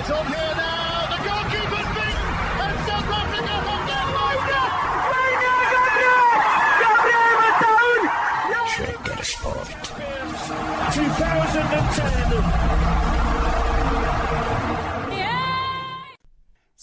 is okay.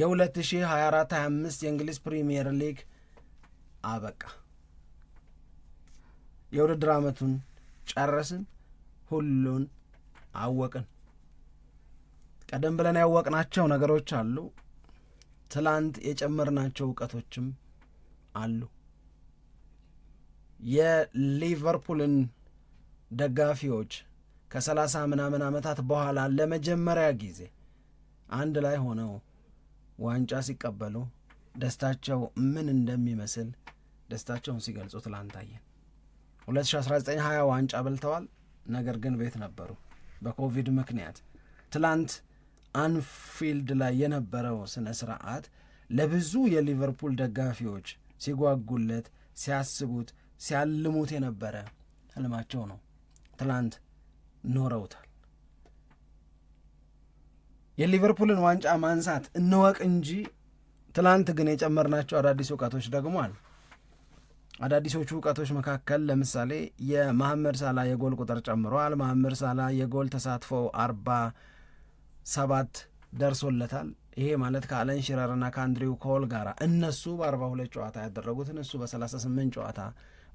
የ2024/25 የእንግሊዝ ፕሪምየር ሊግ አበቃ። የውድድር ዓመቱን ጨረስን፣ ሁሉን አወቅን። ቀደም ብለን ያወቅናቸው ነገሮች አሉ። ትላንት የጨመርናቸው እውቀቶችም አሉ። የሊቨርፑልን ደጋፊዎች ከሰላሳ ምናምን ዓመታት በኋላ ለመጀመሪያ ጊዜ አንድ ላይ ሆነው ዋንጫ ሲቀበሉ ደስታቸው ምን እንደሚመስል ደስታቸውን ሲገልጹ ትላንት አየን። 2019/20 ዋንጫ በልተዋል፣ ነገር ግን ቤት ነበሩ በኮቪድ ምክንያት። ትላንት አንፊልድ ላይ የነበረው ስነ ስርዓት ለብዙ የሊቨርፑል ደጋፊዎች ሲጓጉለት፣ ሲያስቡት፣ ሲያልሙት የነበረ ህልማቸው ነው። ትላንት ኖረውታል። የሊቨርፑልን ዋንጫ ማንሳት እንወቅ እንጂ ትላንት ግን የጨመርናቸው አዳዲስ እውቀቶች ደግሞ አሉ። አዳዲሶቹ እውቀቶች መካከል ለምሳሌ የማህመድ ሳላ የጎል ቁጥር ጨምረዋል። ማህመድ ሳላ የጎል ተሳትፎ አርባ ሰባት ደርሶለታል። ይሄ ማለት ከአለን ሽረርና ከአንድሪው ኮል ጋር እነሱ በአርባ ሁለት ጨዋታ ያደረጉትን እሱ በሰላሳ ስምንት ጨዋታ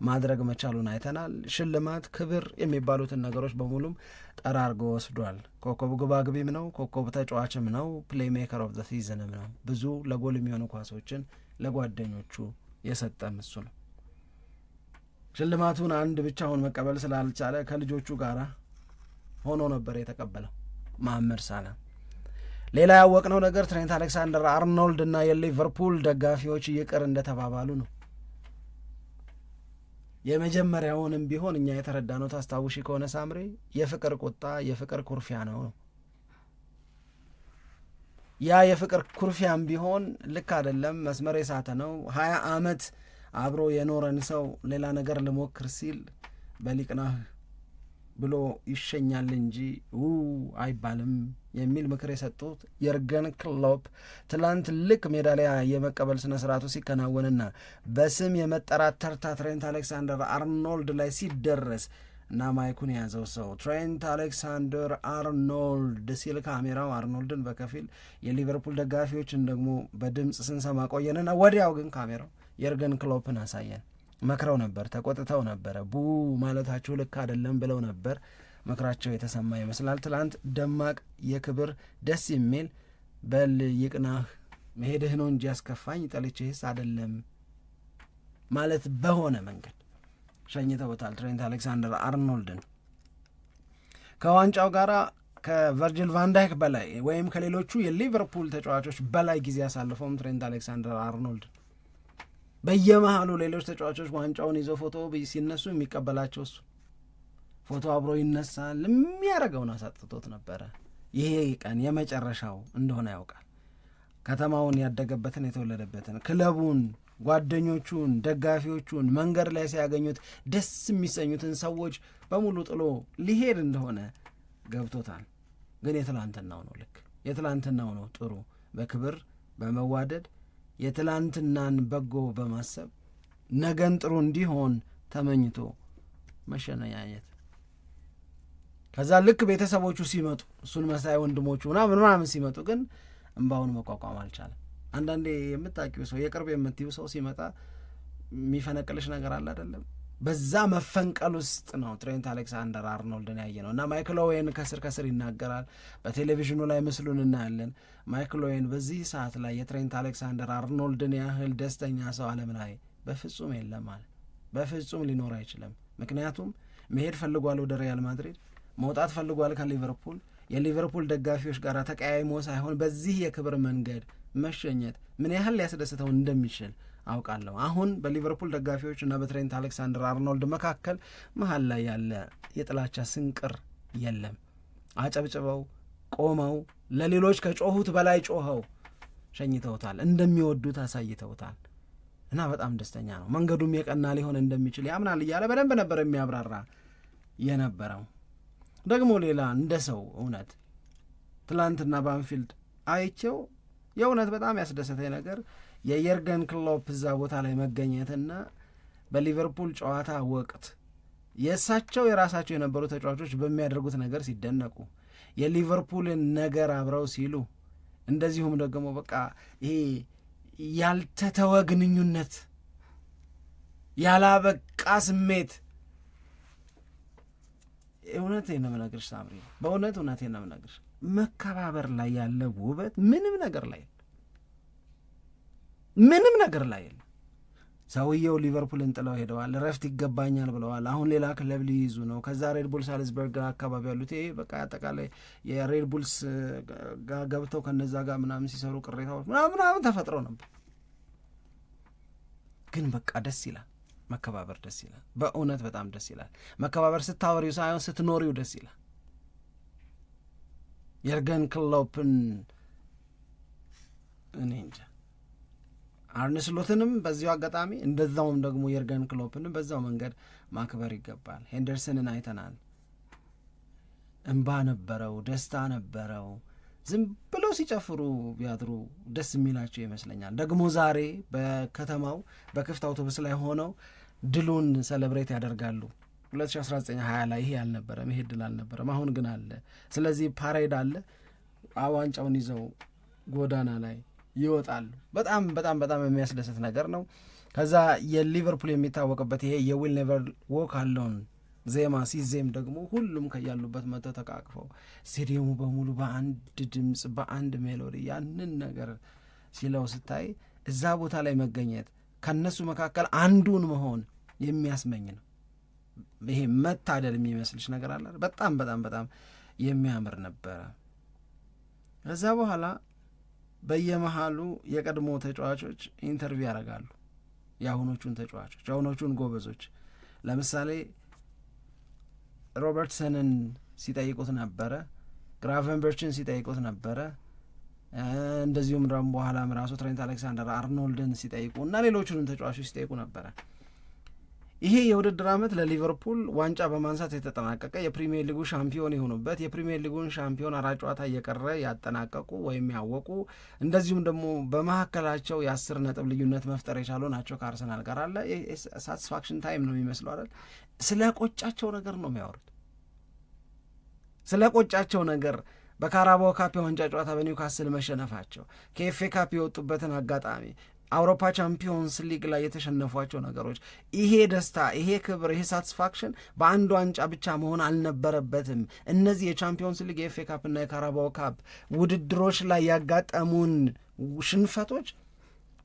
ማድረግ መቻሉን አይተናል። ሽልማት፣ ክብር የሚባሉትን ነገሮች በሙሉም ጠራርጎ ወስዷል። ኮከብ ግባግቢም ነው፣ ኮከብ ተጫዋችም ነው፣ ፕሌይ ሜከር ኦፍ ዘ ሲዝንም ነው። ብዙ ለጎል የሚሆኑ ኳሶችን ለጓደኞቹ የሰጠም እሱ ነው። ሽልማቱን አንድ ብቻውን መቀበል ስላልቻለ ከልጆቹ ጋር ሆኖ ነበር የተቀበለው መሐመድ ሳላህ። ሌላ ያወቅነው ነገር ትሬንት አሌክሳንደር አርኖልድ እና የሊቨርፑል ደጋፊዎች ይቅር እንደተባባሉ ነው። የመጀመሪያውንም ቢሆን እኛ ነው። ታስታውሺ ከሆነ ሳምሬ የፍቅር ቁጣ የፍቅር ኩርፊያ ነው። ያ የፍቅር ኩርፊያም ቢሆን ልክ አይደለም፣ መስመር የሳተ ነው። ሀያ አመት አብሮ የኖረን ሰው ሌላ ነገር ልሞክር ሲል በሊቅናህ ብሎ ይሸኛል እንጂ ው አይባልም የሚል ምክር የሰጡት የርገን ክሎፕ ትላንት ልክ ሜዳሊያ የመቀበል ስነ ስርዓቱ ሲከናወንና በስም የመጠራት ተርታ ትሬንት አሌክሳንደር አርኖልድ ላይ ሲደረስ እና ማይኩን የያዘው ሰው ትሬንት አሌክሳንደር አርኖልድ ሲል ካሜራው አርኖልድን በከፊል የሊቨርፑል ደጋፊዎችን ደግሞ በድምፅ ስንሰማ ቆየንና ወዲያው ግን ካሜራው የርገን ክሎፕን አሳየን። መክረው ነበር፣ ተቆጥተው ነበረ። ቡ ማለታቸው ልክ አይደለም ብለው ነበር። ምክራቸው የተሰማ ይመስላል። ትላንት ደማቅ የክብር ደስ የሚል በል ይቅናህ፣ መሄድህ ነው እንጂ ያስከፋኝ ጠልቼህስ አይደለም ማለት በሆነ መንገድ ሸኝተውታል ትሬንት አሌክሳንደር አርኖልድን ከዋንጫው ጋር ከቨርጅል ቫንዳይክ በላይ ወይም ከሌሎቹ የሊቨርፑል ተጫዋቾች በላይ ጊዜ ያሳልፈውም ትሬንት አሌክሳንደር አርኖልድን በየመሃሉ ሌሎች ተጫዋቾች ዋንጫውን ይዘው ፎቶ ሲነሱ የሚቀበላቸው እሱ ፎቶ አብሮ ይነሳል። የሚያደርገውን አሳጥቶት ነበረ። ይሄ ቀን የመጨረሻው እንደሆነ ያውቃል። ከተማውን፣ ያደገበትን፣ የተወለደበትን፣ ክለቡን፣ ጓደኞቹን፣ ደጋፊዎቹን መንገድ ላይ ሲያገኙት ደስ የሚሰኙትን ሰዎች በሙሉ ጥሎ ሊሄድ እንደሆነ ገብቶታል። ግን የትላንትናው ነው ልክ የትላንትናው ነው ጥሩ በክብር በመዋደድ የትላንትናን በጎ በማሰብ ነገን ጥሩ እንዲሆን ተመኝቶ መሸነያየት ከዛ ልክ ቤተሰቦቹ ሲመጡ እሱን መሳይ ወንድሞቹ ምናምን ምናምን ሲመጡ ግን እምባውን መቋቋም አልቻለም። አንዳንዴ የምታውቂው ሰው የቅርብ የምትይው ሰው ሲመጣ የሚፈነቅልሽ ነገር አለ አይደለም በዛ መፈንቀል ውስጥ ነው ትሬንት አሌክሳንደር አርኖልድን ያየ ነው እና ማይክል ኦዌን ከስር ከስር ይናገራል። በቴሌቪዥኑ ላይ ምስሉን እናያለን። ማይክል ኦዌን በዚህ ሰዓት ላይ የትሬንት አሌክሳንደር አርኖልድን ያህል ደስተኛ ሰው ዓለም ላይ በፍጹም የለም አለ። በፍጹም ሊኖር አይችልም። ምክንያቱም መሄድ ፈልጓል ወደ ሪያል ማድሪድ፣ መውጣት ፈልጓል ከሊቨርፑል የሊቨርፑል ደጋፊዎች ጋር ተቀያይሞ ሳይሆን በዚህ የክብር መንገድ መሸኘት ምን ያህል ሊያስደስተው እንደሚችል አውቃለሁ። አሁን በሊቨርፑል ደጋፊዎች እና በትሬንት አሌክሳንደር አርኖልድ መካከል መሀል ላይ ያለ የጥላቻ ስንቅር የለም። አጨብጭበው ቆመው ለሌሎች ከጮሁት በላይ ጮኸው ሸኝተውታል። እንደሚወዱት አሳይተውታል እና በጣም ደስተኛ ነው። መንገዱም የቀና ሊሆን እንደሚችል ያምናል እያለ በደንብ ነበር የሚያብራራ የነበረው። ደግሞ ሌላ እንደ ሰው እውነት ትላንትና ባንፊልድ አይቼው የእውነት በጣም ያስደሰተኝ ነገር የየርገን ክሎፕ እዛ ቦታ ላይ መገኘትና በሊቨርፑል ጨዋታ ወቅት የእሳቸው የራሳቸው የነበሩ ተጫዋቾች በሚያደርጉት ነገር ሲደነቁ የሊቨርፑልን ነገር አብረው ሲሉ እንደዚሁም ደግሞ በቃ ይሄ ያልተተወ ግንኙነት ያላበቃ ስሜት እውነት ነው የምነግርሽ ሳምሪ፣ በእውነት እውነት ነው የምነግርሽ መከባበር ላይ ያለ ውበት ምንም ነገር ላይ ምንም ነገር ላይ የለም። ሰውየው ሊቨርፑልን ጥለው ሄደዋል። እረፍት ይገባኛል ብለዋል። አሁን ሌላ ክለብ ሊይዙ ነው። ከዛ ሬድቡል ሳልዝበርግ አካባቢ ያሉት ይሄ በቃ አጠቃላይ የሬድቡልስ ጋር ገብተው ከነዛ ጋር ምናምን ሲሰሩ ቅሬታዎች ምናምን ተፈጥረው ነበር። ግን በቃ ደስ ይላል። መከባበር ደስ ይላል። በእውነት በጣም ደስ ይላል። መከባበር ስታወሪው ሳይሆን ስትኖሪው ደስ ይላል። የርገን ክሎፕን እኔ እንጃ አርንስሎትንም በዚሁ አጋጣሚ እንደዛውም ደግሞ የርገን ክሎፕንም በዛው መንገድ ማክበር ይገባል። ሄንደርሰንን አይተናል። እንባ ነበረው፣ ደስታ ነበረው። ዝም ብለው ሲጨፍሩ ቢያድሩ ደስ የሚላቸው ይመስለኛል። ደግሞ ዛሬ በከተማው በክፍት አውቶቡስ ላይ ሆነው ድሉን ሰለብሬት ያደርጋሉ። 2019/20 ላይ ይሄ አልነበረም፣ ይሄ ድል አልነበረም። አሁን ግን አለ። ስለዚህ ፓሬድ አለ። ዋንጫውን ይዘው ጎዳና ላይ ይወጣሉ። በጣም በጣም በጣም የሚያስደስት ነገር ነው። ከዛ የሊቨርፑል የሚታወቅበት ይሄ የዊል ኔቨር ዎክ አለውን ዜማ ሲዜም ደግሞ ሁሉም ከያሉበት መጥተው ተቃቅፈው ስቴዲየሙ በሙሉ በአንድ ድምፅ በአንድ ሜሎዲ ያንን ነገር ሲለው ስታይ እዛ ቦታ ላይ መገኘት ከነሱ መካከል አንዱን መሆን የሚያስመኝ ነው። ይሄ መታደል የሚመስልሽ ነገር አለ። በጣም በጣም በጣም የሚያምር ነበረ። ከዛ በኋላ በየመሃሉ የቀድሞ ተጫዋቾች ኢንተርቪው ያደርጋሉ። የአሁኖቹን ተጫዋቾች የአሁኖቹን ጎበዞች ለምሳሌ ሮበርትሰንን ሲጠይቁት ነበረ፣ ግራቨንበርችን ሲጠይቁት ነበረ። እንደዚሁም ደግሞ በኋላም ራሱ ትሬንት አሌክሳንደር አርኖልድን ሲጠይቁ እና ሌሎቹንም ተጫዋቾች ሲጠይቁ ነበረ። ይሄ የውድድር ዓመት ለሊቨርፑል ዋንጫ በማንሳት የተጠናቀቀ የፕሪሚየር ሊጉ ሻምፒዮን የሆኑበት የፕሪሚየር ሊጉን ሻምፒዮን አራት ጨዋታ እየቀረ ያጠናቀቁ ወይም ያወቁ እንደዚሁም ደግሞ በመካከላቸው የአስር ነጥብ ልዩነት መፍጠር የቻሉ ናቸው። ከአርሰናል ጋር አለ ሳትስፋክሽን ታይም ነው የሚመስለው አይደል? ስለ ቆጫቸው ነገር ነው የሚያወሩት። ስለ ቆጫቸው ነገር በካራባው ካፕ የዋንጫ ጨዋታ በኒውካስል መሸነፋቸው፣ ከኤፌ ካፕ የወጡበትን አጋጣሚ አውሮፓ ቻምፒዮንስ ሊግ ላይ የተሸነፏቸው ነገሮች ይሄ ደስታ፣ ይሄ ክብር፣ ይሄ ሳትስፋክሽን በአንድ ዋንጫ ብቻ መሆን አልነበረበትም። እነዚህ የቻምፒዮንስ ሊግ የኤፍ ኤ ካፕና የካራባው ካፕ ውድድሮች ላይ ያጋጠሙን ሽንፈቶች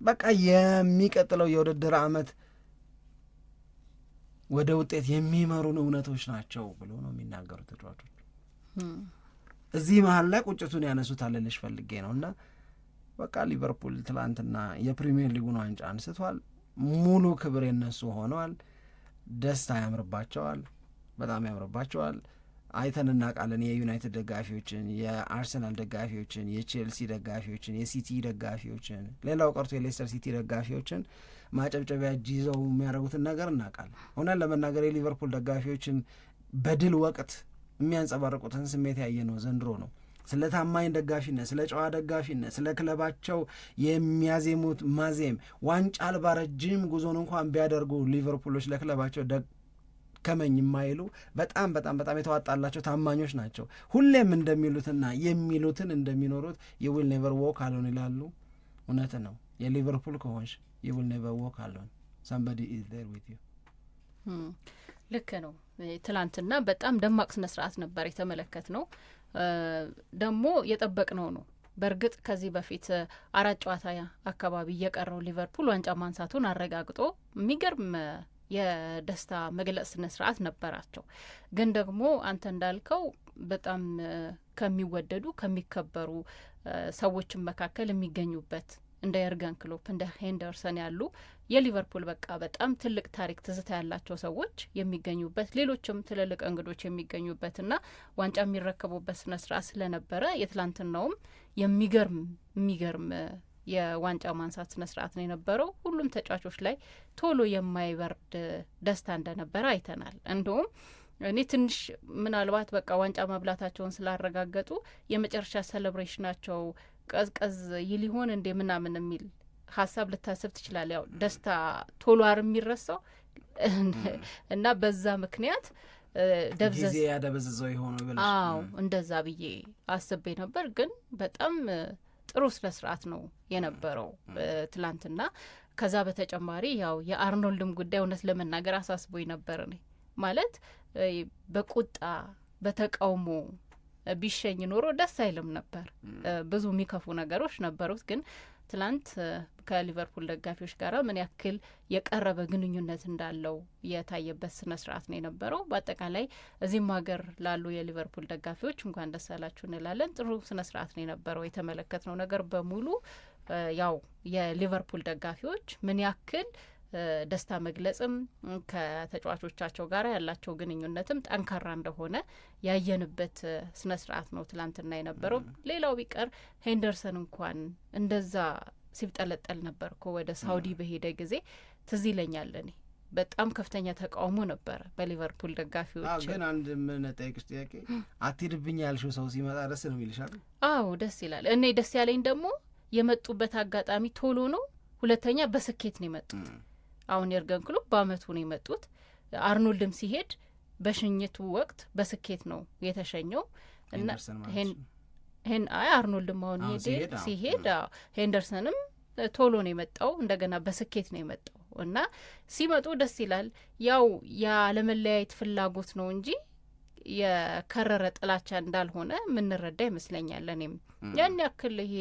በቃ የሚቀጥለው የውድድር አመት ወደ ውጤት የሚመሩን እውነቶች ናቸው ብሎ ነው የሚናገሩ ተጫዋቾች። እዚህ መሀል ላይ ቁጭቱን ያነሱት አለልሽ ፈልጌ ነው እና በቃ ሊቨርፑል ትላንትና የፕሪሚየር ሊጉን ዋንጫ አንስቷል። ሙሉ ክብር የነሱ ሆነዋል። ደስታ ያምርባቸዋል፣ በጣም ያምርባቸዋል። አይተን እናውቃለን የዩናይትድ ደጋፊዎችን፣ የአርሰናል ደጋፊዎችን፣ የቼልሲ ደጋፊዎችን፣ የሲቲ ደጋፊዎችን፣ ሌላው ቀርቶ የሌስተር ሲቲ ደጋፊዎችን ማጨብጨቢያ እጅ ይዘው የሚያደርጉትን ነገር እናውቃለን። እውነት ለመናገር የሊቨርፑል ደጋፊዎችን በድል ወቅት የሚያንጸባርቁትን ስሜት ያየ ነው ዘንድሮ ነው ስለ ታማኝ ደጋፊነት፣ ስለ ጨዋ ደጋፊነት፣ ስለ ክለባቸው የሚያዜሙት ማዜም ዋንጫ አልባ ረጅም ጉዞን እንኳን ቢያደርጉ ሊቨርፑሎች ለክለባቸው ከመኝ የማይሉ በጣም በጣም በጣም የተዋጣላቸው ታማኞች ናቸው። ሁሌም እንደሚሉትና የሚሉትን እንደሚኖሩት የዊል ኔቨር ዎክ አሎን ይላሉ። እውነት ነው። የሊቨርፑል ከሆንሽ የዊል ኔቨር ዎክ አሎን ሳምባዲ ኢዝ ዩ። ልክ ነው። ትላንትና በጣም ደማቅ ስነ ስርዓት ነበር የተመለከት ነው። ደግሞ የጠበቅነው ነው። በእርግጥ ከዚህ በፊት አራት ጨዋታ አካባቢ እየቀረው ሊቨርፑል ዋንጫ ማንሳቱን አረጋግጦ የሚገርም የደስታ መግለጽ ስነ ስርዓት ነበራቸው። ግን ደግሞ አንተ እንዳልከው በጣም ከሚወደዱ ከሚከበሩ ሰዎችን መካከል የሚገኙበት እንደ የርገን ክሎፕ እንደ ሄንደርሰን ያሉ የሊቨርፑል በቃ በጣም ትልቅ ታሪክ ትዝታ ያላቸው ሰዎች የሚገኙበት ሌሎችም ትልልቅ እንግዶች የሚገኙበትና ዋንጫ የሚረከቡበት ስነ ስርዓት ስለነበረ የትላንትናውም የሚገርም የሚገርም የዋንጫ ማንሳት ስነ ስርዓት ነው የነበረው። ሁሉም ተጫዋቾች ላይ ቶሎ የማይበርድ ደስታ እንደነበረ አይተናል። እንዲሁም እኔ ትንሽ ምናልባት በቃ ዋንጫ መብላታቸውን ስላረጋገጡ የመጨረሻ ሴሌብሬሽናቸው ቀዝቀዝ ይል ይሆን እንዴ ምናምን የሚል ሀሳብ ልታስብ ትችላል። ያው ደስታ ቶሎ አር የሚረሳው እና በዛ ምክንያት ደብዘዝ ያደበዝዘው የሆነ ብለው እንደዛ ብዬ አስቤ ነበር። ግን በጣም ጥሩ ስነ ስርዓት ነው የነበረው ትላንትና። ከዛ በተጨማሪ ያው የአርኖልድም ጉዳይ እውነት ለመናገር አሳስቦኝ ነበር እኔ ማለት በቁጣ በተቃውሞ ቢሸኝ ኖሮ ደስ አይልም ነበር። ብዙ የሚከፉ ነገሮች ነበሩት። ግን ትላንት ከሊቨርፑል ደጋፊዎች ጋር ምን ያክል የቀረበ ግንኙነት እንዳለው የታየበት ስነ ስርዓት ነው የነበረው። በአጠቃላይ እዚህም ሀገር ላሉ የሊቨርፑል ደጋፊዎች እንኳን ደስ አላችሁ እንላለን። ጥሩ ስነ ስርዓት ነው የነበረው። የተመለከትነው ነገር በሙሉ ያው የሊቨርፑል ደጋፊዎች ምን ያክል ደስታ መግለጽም ከተጫዋቾቻቸው ጋር ያላቸው ግንኙነትም ጠንካራ እንደሆነ ያየንበት ስነ ስርዓት ነው ትላንትና የነበረው። ሌላው ቢቀር ሄንደርሰን እንኳን እንደዛ ሲብጠለጠል ነበር ኮ ወደ ሳውዲ በሄደ ጊዜ ትዝ ይለኛል እኔ በጣም ከፍተኛ ተቃውሞ ነበረ በሊቨርፑል ደጋፊዎች። ግን አንድ የምንጠይቅሽ ጥያቄ አትሄድብኝ ያልሽው ሰው ሲመጣ ደስ ነው ይልሻል? አዎ ደስ ይላል። እኔ ደስ ያለኝ ደግሞ የመጡበት አጋጣሚ ቶሎ ነው። ሁለተኛ በስኬት ነው የመጡት። አሁን የርገን ክሎፕ በአመቱ ነው የመጡት። አርኖልድም ሲሄድ በሽኝቱ ወቅት በስኬት ነው የተሸኘው እና ይሄን አይ አርኖልድም አሁን ሲሄድ ሄንደርሰንም ቶሎ ነው የመጣው፣ እንደገና በስኬት ነው የመጣው እና ሲመጡ ደስ ይላል። ያው ያለመለያየት ፍላጎት ነው እንጂ የከረረ ጥላቻ እንዳልሆነ የምንረዳ ይመስለኛል። እኔም ያን ያክል ይሄ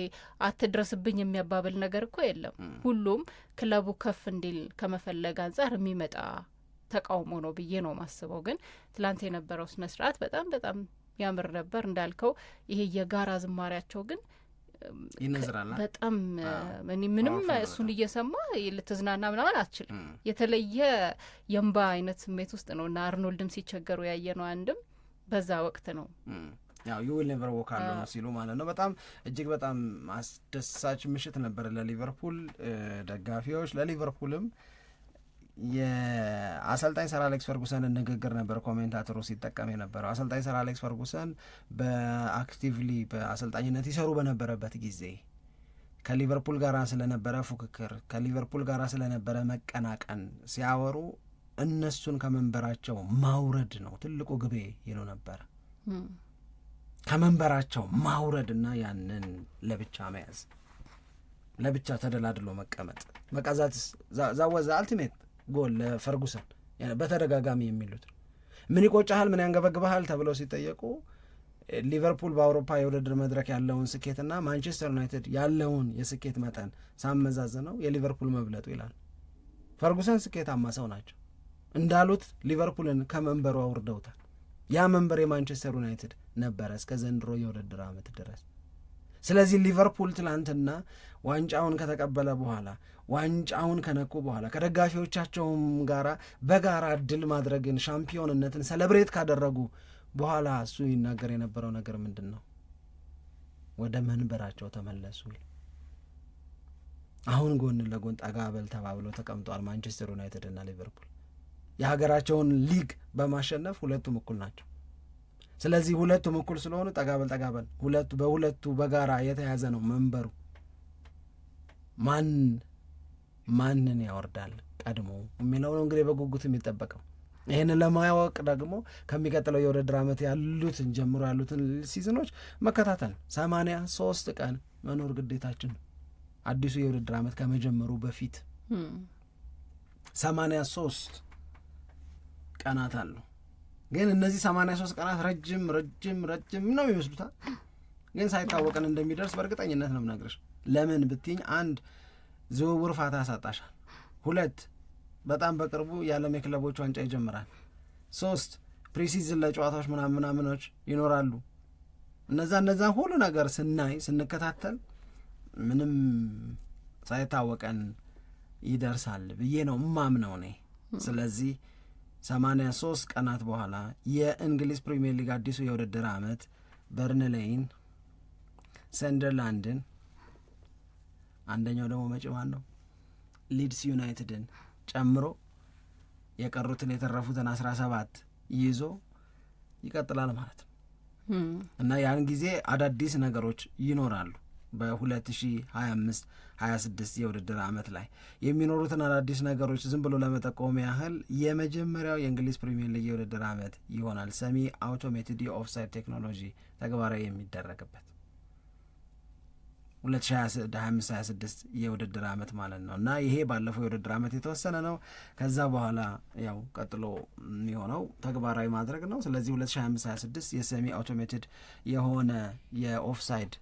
አትድረስብኝ የሚያባብል ነገር እኮ የለም። ሁሉም ክለቡ ከፍ እንዲል ከመፈለግ አንጻር የሚመጣ ተቃውሞ ነው ብዬ ነው ማስበው። ግን ትላንት የነበረው ስነ ስርዓት በጣም በጣም ያምር ነበር እንዳልከው። ይሄ የጋራ ዝማሪያቸው ግን በጣም ምንም እሱን እየሰማ ልትዝናና ምናምን አትችልም። የተለየ የእንባ አይነት ስሜት ውስጥ ነው እና አርኖልድም ሲቸገሩ ያየ ነው አንድም በዛ ወቅት ነው ያው ዩ ዊል ኔቨር ዎክ አለ ሲሉ ማለት ነው። በጣም እጅግ በጣም አስደሳች ምሽት ነበር ለሊቨርፑል ደጋፊዎች፣ ለሊቨርፑልም የአሰልጣኝ ሰር አሌክስ ፈርጉሰንን ንግግር ነበር ኮሜንታተሩ ሲጠቀም የነበረው። አሰልጣኝ ሰር አሌክስ ፈርጉሰን በአክቲቭሊ በአሰልጣኝነት ይሰሩ በነበረበት ጊዜ ከሊቨርፑል ጋር ስለነበረ ፉክክር፣ ከሊቨርፑል ጋር ስለነበረ መቀናቀን ሲያወሩ እነሱን ከመንበራቸው ማውረድ ነው ትልቁ ግቤ ይሉ ነበረ። ከመንበራቸው ማውረድና ያንን ለብቻ መያዝ፣ ለብቻ ተደላድሎ መቀመጥ በቃ ዛወዘ አልቲሜት ጎል ለፈርጉሰን በተደጋጋሚ የሚሉት ምን ይቆጫሃል፣ ምን ያንገበግበሃል ተብለው ሲጠየቁ ሊቨርፑል በአውሮፓ የውድድር መድረክ ያለውን ስኬትና ማንቸስተር ዩናይትድ ያለውን የስኬት መጠን ሳመዛዝ ነው የሊቨርፑል መብለጡ ይላል። ፈርጉሰን ስኬታማ ሰው ናቸው። እንዳሉት ሊቨርፑልን ከመንበሩ አውርደውታል። ያ መንበር የማንቸስተር ዩናይትድ ነበረ እስከ ዘንድሮ የውድድር ዓመት ድረስ። ስለዚህ ሊቨርፑል ትላንትና ዋንጫውን ከተቀበለ በኋላ ዋንጫውን ከነኩ በኋላ ከደጋፊዎቻቸውም ጋር በጋራ ድል ማድረግን ሻምፒዮንነትን ሰለብሬት ካደረጉ በኋላ እሱ ይናገር የነበረው ነገር ምንድን ነው? ወደ መንበራቸው ተመለሱ። አሁን ጎን ለጎን ጠጋ በል ተባብሎ ማንቸስተር ዩናይትድ እና ሊቨርፑል። የሀገራቸውን ሊግ በማሸነፍ ሁለቱም እኩል ናቸው። ስለዚህ ሁለቱም እኩል ስለሆኑ ጠጋበል ጠጋበል ሁለቱ በሁለቱ በጋራ የተያዘ ነው መንበሩ። ማን ማንን ያወርዳል ቀድሞ የሚለው ነው እንግዲህ በጉጉት የሚጠበቀው። ይህንን ለማወቅ ደግሞ ከሚቀጥለው የውድድር ዓመት ያሉትን ጀምሮ ያሉትን ሲዝኖች መከታተል ሰማንያ ሶስት ቀን መኖር ግዴታችን ነው። አዲሱ የውድድር ዓመት ከመጀመሩ በፊት ሰማንያ ሶስት ቀናት አሉ። ግን እነዚህ ሰማንያ ሶስት ቀናት ረጅም ረጅም ረጅም ነው የሚመስሉታል። ግን ሳይታወቀን እንደሚደርስ በእርግጠኝነት ነው የምነግርሽ። ለምን ብትኝ፣ አንድ ዝውውር ፋታ ያሳጣሻል። ሁለት በጣም በቅርቡ የዓለም የክለቦች ዋንጫ ይጀምራል። ሶስት ፕሪሲዝን ለጨዋታዎች ምናምን ምናምኖች ይኖራሉ። እነዛ እነዛ ሁሉ ነገር ስናይ ስንከታተል ምንም ሳይታወቀን ይደርሳል ብዬ ነው እማምነው እኔ ስለዚህ 83 ቀናት በኋላ የእንግሊዝ ፕሪምየር ሊግ አዲሱ የውድድር ዓመት በርንሌይን፣ ሰንደርላንድን፣ አንደኛው ደግሞ መጭማን ነው ሊድስ ዩናይትድን ጨምሮ የቀሩትን የተረፉትን 17 ይዞ ይቀጥላል ማለት ነው እና ያን ጊዜ አዳዲስ ነገሮች ይኖራሉ። በ2025 26 የውድድር ዓመት ላይ የሚኖሩትን አዳዲስ ነገሮች ዝም ብሎ ለመጠቆም ያህል የመጀመሪያው የእንግሊዝ ፕሪሚየር ሊግ የውድድር ዓመት ይሆናል ሰሚ አውቶሜትድ የኦፍሳይድ ቴክኖሎጂ ተግባራዊ የሚደረግበት 2025/26 የውድድር ዓመት ማለት ነው እና ይሄ ባለፈው የውድድር ዓመት የተወሰነ ነው። ከዛ በኋላ ያው ቀጥሎ የሚሆነው ተግባራዊ ማድረግ ነው። ስለዚህ 2025/26 የሰሚ አውቶሜትድ የሆነ የኦፍሳይድ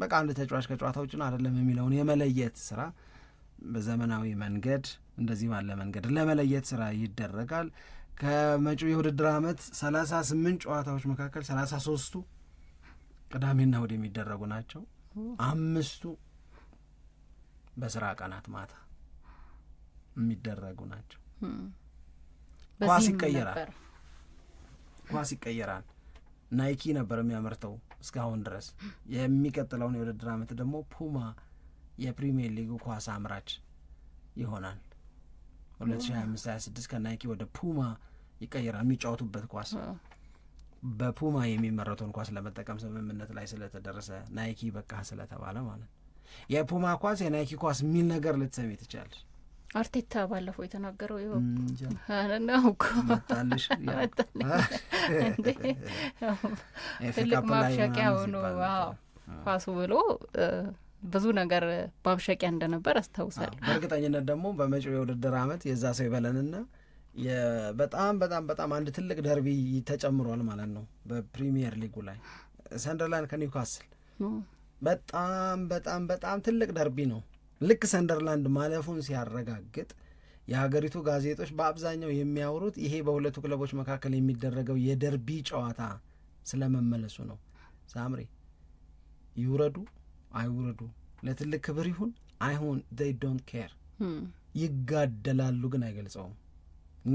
በቃ አንድ ተጫዋች ከጨዋታ ውጭ ነው አይደለም የሚለውን የመለየት ስራ በዘመናዊ መንገድ እንደዚህ ባለ መንገድ ለመለየት ስራ ይደረጋል። ከመጪው የውድድር አመት ሰላሳ ስምንት ጨዋታዎች መካከል ሰላሳ ሶስቱ ቅዳሜና እሁድ የሚደረጉ ናቸው። አምስቱ በስራ ቀናት ማታ የሚደረጉ ናቸው። ኳስ ይቀየራል፣ ኳስ ይቀየራል። ናይኪ ነበር የሚያመርተው እስካሁን ድረስ። የሚቀጥለውን የውድድር ዓመት ደግሞ ፑማ የፕሪሚየር ሊጉ ኳስ አምራች ይሆናል ሀያ ስድስት ከናይኪ ወደ ፑማ ይቀይራል። የሚጫወቱበት ኳስ በፑማ የሚመረተውን ኳስ ለመጠቀም ስምምነት ላይ ስለተደረሰ ናይኪ በቃ ስለተባለ ማለት የፑማ ኳስ የናይኪ ኳስ የሚል ነገር ልትሰሚ ትችላለች። አርቴታ ባለፈው የተናገረው ይኸው ትልቅ ማብሸቂያ ሆኖ ኳሱ ብሎ ብዙ ነገር ማብሸቂያ እንደነበር አስታውሳለሁ። በእርግጠኝነት ደግሞ በመጪው የውድድር ዓመት የዛ ሰው ይበለንና በጣም በጣም በጣም አንድ ትልቅ ደርቢ ተጨምሯል ማለት ነው በፕሪሚየር ሊጉ ላይ ሰንደርላንድ ከኒውካስል በጣም በጣም በጣም ትልቅ ደርቢ ነው። ልክ ሰንደርላንድ ማለፉን ሲያረጋግጥ የሀገሪቱ ጋዜጦች በአብዛኛው የሚያወሩት ይሄ በሁለቱ ክለቦች መካከል የሚደረገው የደርቢ ጨዋታ ስለመመለሱ ነው። ሳምሪ ይውረዱ አይውረዱ ለትልቅ ክብር ይሁን አይሁን ዘይ ዶንት ኬር ይጋደላሉ፣ ግን አይገልጸውም።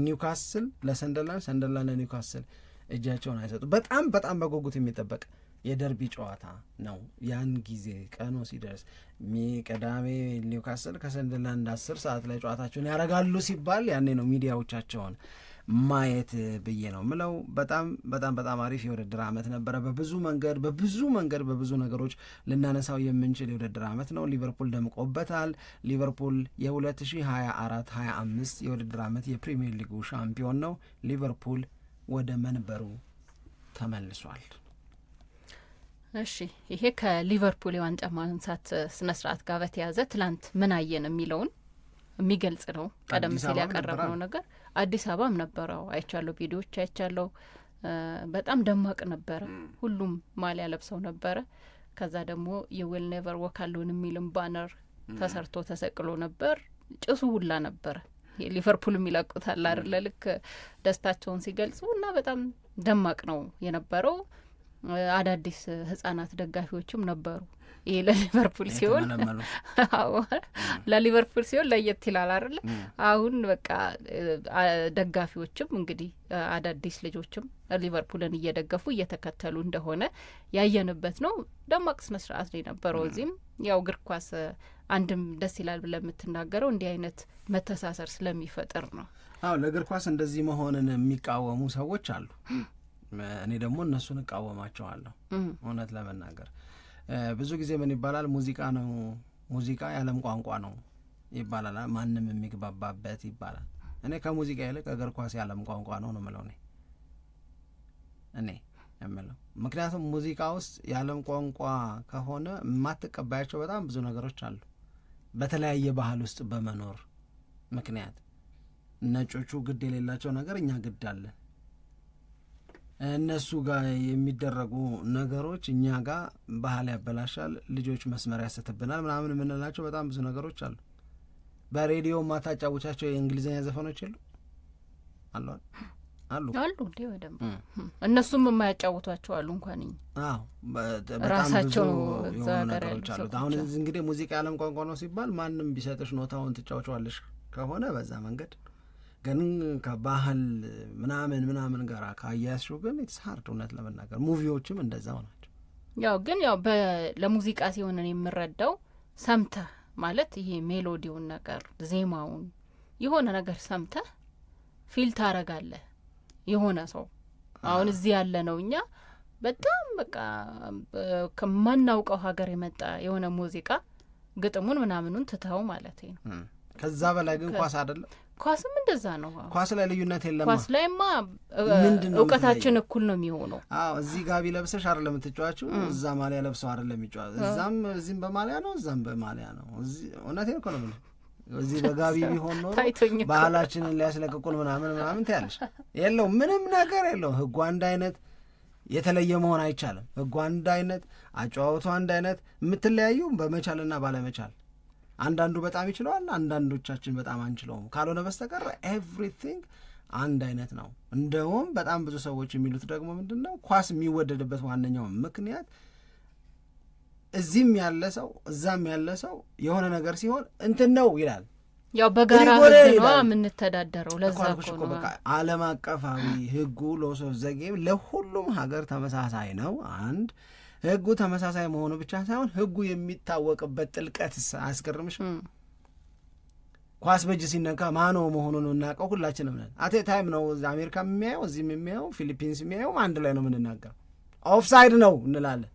ኒውካስል ለሰንደርላንድ፣ ሰንደርላንድ ለኒውካስል እጃቸውን አይሰጡ። በጣም በጣም በጉጉት የሚጠበቅ የደርቢ ጨዋታ ነው። ያን ጊዜ ቀኑ ሲደርስ ቅዳሜ ኒውካስል ከሰንደርላንድ አስር ሰዓት ላይ ጨዋታቸውን ያደርጋሉ ሲባል ያኔ ነው ሚዲያዎቻቸውን ማየት ብዬ ነው ምለው። በጣም በጣም በጣም አሪፍ የውድድር ዓመት ነበረ። በብዙ መንገድ በብዙ መንገድ በብዙ ነገሮች ልናነሳው የምንችል የውድድር ዓመት ነው። ሊቨርፑል ደምቆበታል። ሊቨርፑል የ2024 25 የውድድር ዓመት የፕሪሚየር ሊጉ ሻምፒዮን ነው። ሊቨርፑል ወደ መንበሩ ተመልሷል። እሺ ይሄ ከሊቨርፑል የዋንጫ ማንሳት ስነ ስርዓት ጋር በተያዘ ትላንት ምን አየን የሚለውን የሚገልጽ ነው። ቀደም ሲል ያቀረብነው ነገር አዲስ አበባም ነበረው አይቻለሁ፣ ቪዲዮዎች አይቻለሁ። በጣም ደማቅ ነበረ። ሁሉም ማሊያ ለብሰው ነበረ። ከዛ ደግሞ የዌል ኔቨር ወክ የሚልም ባነር ተሰርቶ ተሰቅሎ ነበር። ጭሱ ሁላ ነበረ። ሊቨርፑል የሚለቁታል አይደለ? ልክ ደስታቸውን ሲገልጹ እና በጣም ደማቅ ነው የነበረው። አዳዲስ ህጻናት ደጋፊዎችም ነበሩ። ይህ ለሊቨርፑል ሲሆን ለሊቨርፑል ሲሆን ለየት ይላል አይደለ? አሁን በቃ ደጋፊዎችም እንግዲህ አዳዲስ ልጆችም ሊቨርፑልን እየደገፉ እየተከተሉ እንደሆነ ያየንበት ነው። ደማቅ ስነ ስርዓት ነው የነበረው። እዚህም ያው እግር ኳስ አንድም ደስ ይላል ብለህ የምትናገረው እንዲህ አይነት መተሳሰር ስለሚፈጥር ነው። አዎ ለእግር ኳስ እንደዚህ መሆንን የሚቃወሙ ሰዎች አሉ። እኔ ደግሞ እነሱን እቃወማቸዋለሁ። እውነት ለመናገር ብዙ ጊዜ ምን ይባላል ሙዚቃ ነው ሙዚቃ የዓለም ቋንቋ ነው ይባላል፣ ማንም የሚግባባበት ይባላል። እኔ ከሙዚቃ ይልቅ እግር ኳስ የዓለም ቋንቋ ነው ነው የምለው እኔ እኔ የምለው ምክንያቱም ሙዚቃ ውስጥ የዓለም ቋንቋ ከሆነ የማትቀባያቸው በጣም ብዙ ነገሮች አሉ። በተለያየ ባህል ውስጥ በመኖር ምክንያት ነጮቹ ግድ የሌላቸው ነገር እኛ ግድ አለን። እነሱ ጋር የሚደረጉ ነገሮች እኛ ጋር ባህል ያበላሻል፣ ልጆች መስመር ያሰትብናል ምናምን የምንላቸው በጣም ብዙ ነገሮች አሉ። በሬዲዮ ማታጫወቻቸው የእንግሊዝኛ ዘፈኖች የሉ አሉ አሉ አሉ እንዴ ወይ እነሱም የማያጫውቷቸው አሉ። እንኳን ራሳቸው ነገሮች አሉ። አሁን እንግዲህ ሙዚቃ የዓለም ቋንቋ ነው ሲባል ማንም ቢሰጥሽ ኖታውን ትጫውቸዋለሽ ከሆነ በዛ መንገድ ግን ከባህል ምናምን ምናምን ጋር ካያያዝሽው ግን ኢትስ እውነት ለመናገር ሙቪዎችም እንደዛው ናቸው። ያው ግን ያው ለሙዚቃ ሲሆን የምረዳው ሰምተህ ማለት ይሄ ሜሎዲውን ነገር ዜማውን የሆነ ነገር ሰምተህ ፊል ታረጋለህ። የሆነ ሰው አሁን እዚህ ያለ ነው እኛ በጣም በቃ ከማናውቀው ሀገር የመጣ የሆነ ሙዚቃ ግጥሙን ምናምኑን ትተው ማለት ነው። ከዛ በላይ ግን ኳስ አይደለም ኳስም እንደዛ ነው። ኳስ ላይ ልዩነት የለም። ኳስ ላይማ እውቀታችን እኩል ነው የሚሆነው። አዎ እዚህ ጋቢ ለብሰሽ አር ለምትጫዋችው እዛ ማሊያ ለብሰው አር ለሚጫዋ እዛም እዚህም በማሊያ ነው፣ እዛም በማሊያ ነው። እውነቴን እኮ ነው እዚህ በጋቢ ቢሆን ኖሮ ባህላችንን ሊያስለቅቁን ምናምን ምናምን ትያለሽ። የለው ምንም ነገር የለውም። ህጉ አንድ አይነት የተለየ መሆን አይቻልም። ህጉ አንድ አይነት፣ አጨዋወቱ አንድ አይነት። የምትለያዩ በመቻልና ባለመቻል አንዳንዱ በጣም ይችለዋል፣ አንዳንዶቻችን በጣም አንችለውም። ካልሆነ በስተቀር ኤቭሪቲንግ አንድ አይነት ነው። እንደውም በጣም ብዙ ሰዎች የሚሉት ደግሞ ምንድን ነው ኳስ የሚወደድበት ዋነኛው ምክንያት እዚህም ያለ ሰው እዛም ያለ ሰው የሆነ ነገር ሲሆን እንትን ነው ይላል። ያው በጋራ ህግ ነው የምንተዳደረው። ለዛ እኮ በቃ ዓለም አቀፋዊ ህጉ ሎስ ኦፍ ዘ ጌም ለሁሉም ሀገር ተመሳሳይ ነው። አንድ ህጉ ተመሳሳይ መሆኑ ብቻ ሳይሆን ህጉ የሚታወቅበት ጥልቀት አያስገርምሽ? ኳስ በእጅ ሲነካ ማኖ መሆኑን የምናውቀው ሁላችንም ነን። አቴ ታይም ነው አሜሪካ የሚያየው እዚህም የሚያየው ፊሊፒንስ የሚያየውም አንድ ላይ ነው የምንናገረው። ኦፍሳይድ ነው እንላለን፣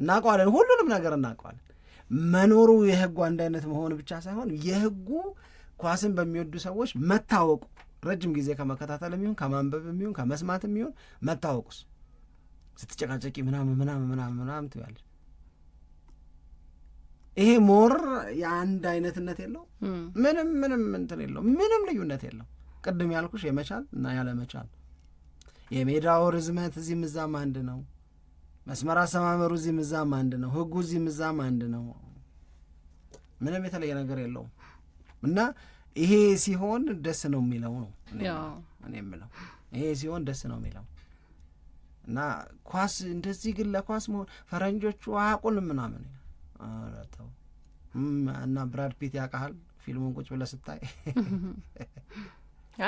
እናውቀዋለን፣ ሁሉንም ነገር እናውቀዋለን። መኖሩ የህጉ አንድ አይነት መሆኑ ብቻ ሳይሆን የህጉ ኳስን በሚወዱ ሰዎች መታወቁ ረጅም ጊዜ ከመከታተል የሚሆን ከማንበብ የሚሆን ከመስማት የሚሆን መታወቁስ ስትጨቃጨቂ ምናምን ምናምን ምናምን ምናምን ትያለሽ። ይሄ ሞር የአንድ አይነትነት የለው ምንም ምንም እንትን የለው ምንም ልዩነት የለው። ቅድም ያልኩሽ የመቻል እና ያለመቻል የሜዳው ርዝመት እዚህም እዛም አንድ ነው። መስመር አሰማመሩ እዚህም እዛም አንድ ነው። ህጉ እዚህም እዛም አንድ ነው። ምንም የተለየ ነገር የለውም እና ይሄ ሲሆን ደስ ነው የሚለው ነው እኔ የምለው ይሄ ሲሆን ደስ ነው የሚለው እና ኳስ እንደዚህ ግን ለኳስ መሆን ፈረንጆቹ አያውቁልም ምናምን ተው እና ብራድ ፒት ያውቃሃል ፊልሙን ቁጭ ብለህ ስታይ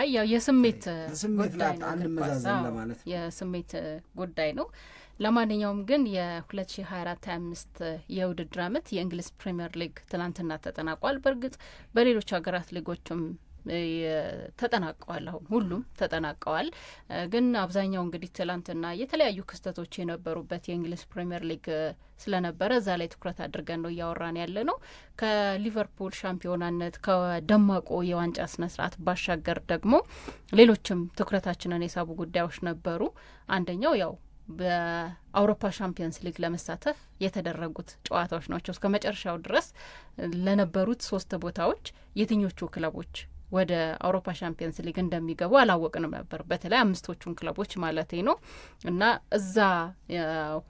አይ ያው የስሜት ስሜት ጉዳይ የስሜት ጉዳይ ነው። ለማንኛውም ግን የ2024/25 የውድድር ዓመት የእንግሊዝ ፕሪምየር ሊግ ትናንትና ተጠናቋል። በእርግጥ በሌሎች ሀገራት ሊጎችም ተጠናቀዋል። አሁን ሁሉም ተጠናቀዋል። ግን አብዛኛው እንግዲህ ትላንትና የተለያዩ ክስተቶች የነበሩበት የእንግሊዝ ፕሪምየር ሊግ ስለነበረ እዛ ላይ ትኩረት አድርገን ነው እያወራን ያለ ነው። ከሊቨርፑል ሻምፒዮናነት ከደማቁ የዋንጫ ስነ ስርዓት ባሻገር ደግሞ ሌሎችም ትኩረታችንን የሳቡ ጉዳዮች ነበሩ። አንደኛው ያው በአውሮፓ ሻምፒየንስ ሊግ ለመሳተፍ የተደረጉት ጨዋታዎች ናቸው። እስከ መጨረሻው ድረስ ለነበሩት ሶስት ቦታዎች የትኞቹ ክለቦች ወደ አውሮፓ ሻምፒየንስ ሊግ እንደሚገቡ አላወቅንም ነበር። በተለይ አምስቶቹን ክለቦች ማለት ነው እና እዛ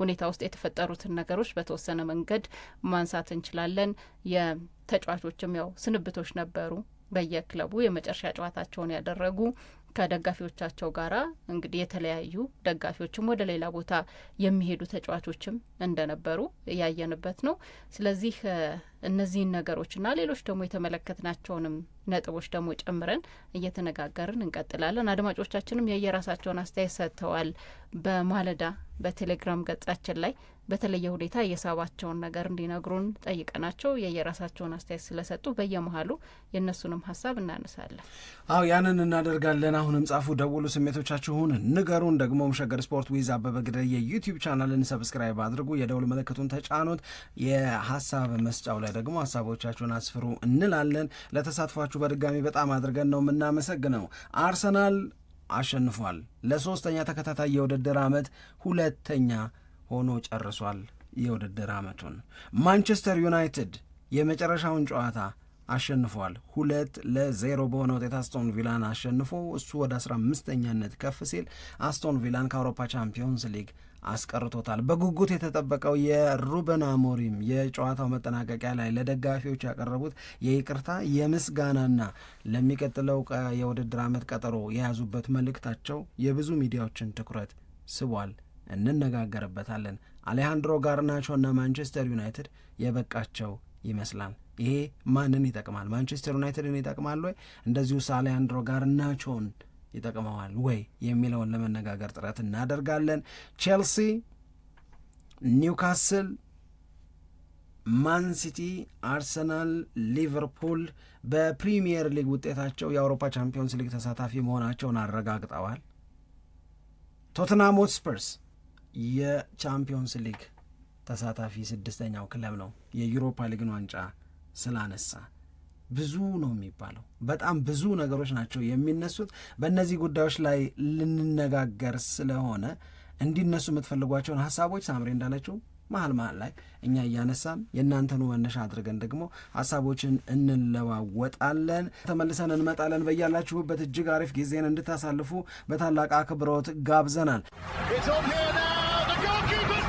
ሁኔታ ውስጥ የተፈጠሩትን ነገሮች በተወሰነ መንገድ ማንሳት እንችላለን። የተጫዋቾችም ያው ስንብቶች ነበሩ። በየክለቡ የመጨረሻ ጨዋታቸውን ያደረጉ ከደጋፊዎቻቸው ጋር እንግዲህ የተለያዩ ደጋፊዎችም ወደ ሌላ ቦታ የሚሄዱ ተጫዋቾችም እንደነበሩ ያየንበት ነው። ስለዚህ እነዚህን ነገሮችና ሌሎች ደግሞ የተመለከትናቸውንም ነጥቦች ደግሞ ጨምረን እየተነጋገርን እንቀጥላለን። አድማጮቻችንም የየራሳቸውን አስተያየት ሰጥተዋል። በማለዳ በቴሌግራም ገጻችን ላይ በተለየ ሁኔታ የሳባቸውን ነገር እንዲነግሩን ጠይቀናቸው የየራሳቸውን አስተያየት ስለሰጡ በየመሀሉ የእነሱንም ሀሳብ እናነሳለን። አዎ ያንን እናደርጋለን። አሁንም ጻፉ፣ ደውሉ፣ ስሜቶቻችሁን ንገሩን። ደግሞ ሸገር ስፖርት ዊዝ አበበ ግደይ የዩቲዩብ ቻናልን ሰብስክራይብ አድርጉ፣ የደውል ምልክቱን ተጫኑት። የሀሳብ መስጫው ላይ ደግሞ ሀሳቦቻችሁን አስፍሩ እንላለን። ለተሳትፏችሁ በድጋሚ በጣም አድርገን ነው የምናመሰግነው። አርሰናል አሸንፏል። ለሶስተኛ ተከታታይ የውድድር ዓመት ሁለተኛ ሆኖ ጨርሷል የውድድር ዓመቱን። ማንቸስተር ዩናይትድ የመጨረሻውን ጨዋታ አሸንፏል። ሁለት ለዜሮ በሆነ ውጤት አስቶን ቪላን አሸንፎ እሱ ወደ አስራ አምስተኛነት ከፍ ሲል አስቶን ቪላን ከአውሮፓ ቻምፒዮንስ ሊግ አስቀርቶታል። በጉጉት የተጠበቀው የሩበን አሞሪም የጨዋታው መጠናቀቂያ ላይ ለደጋፊዎች ያቀረቡት የይቅርታ የምስጋናና ለሚቀጥለው የውድድር ዓመት ቀጠሮ የያዙበት መልእክታቸው የብዙ ሚዲያዎችን ትኩረት ስቧል። እንነጋገርበታለን። አሌሃንድሮ እና ማንቸስተር ዩናይትድ የበቃቸው ይመስላል። ይሄ ማንን ይጠቅማል? ማንቸስተር ዩናይትድን ይጠቅማል ወይ? እንደዚሁስ አሌሃንድሮ ጋርናቾን ይጠቅመዋል ወይ የሚለውን ለመነጋገር ጥረት እናደርጋለን። ቼልሲ፣ ኒውካስል፣ ማንሲቲ፣ አርሰናል፣ ሊቨርፑል በፕሪሚየር ሊግ ውጤታቸው የአውሮፓ ቻምፒዮንስ ሊግ ተሳታፊ መሆናቸውን አረጋግጠዋል። ቶትናም ሆትስፐርስ የቻምፒዮንስ ሊግ ተሳታፊ ስድስተኛው ክለብ ነው። የዩሮፓ ሊግን ዋንጫ ስላነሳ ብዙ ነው የሚባለው። በጣም ብዙ ነገሮች ናቸው የሚነሱት። በእነዚህ ጉዳዮች ላይ ልንነጋገር ስለሆነ እንዲነሱ የምትፈልጓቸውን ሀሳቦች ሳምሬ እንዳለችው መሀል መሀል ላይ እኛ እያነሳን የእናንተኑ መነሻ አድርገን ደግሞ ሀሳቦችን እንለዋወጣለን። ተመልሰን እንመጣለን። በያላችሁበት እጅግ አሪፍ ጊዜን እንድታሳልፉ በታላቅ አክብሮት ጋብዘናል። goalkeeper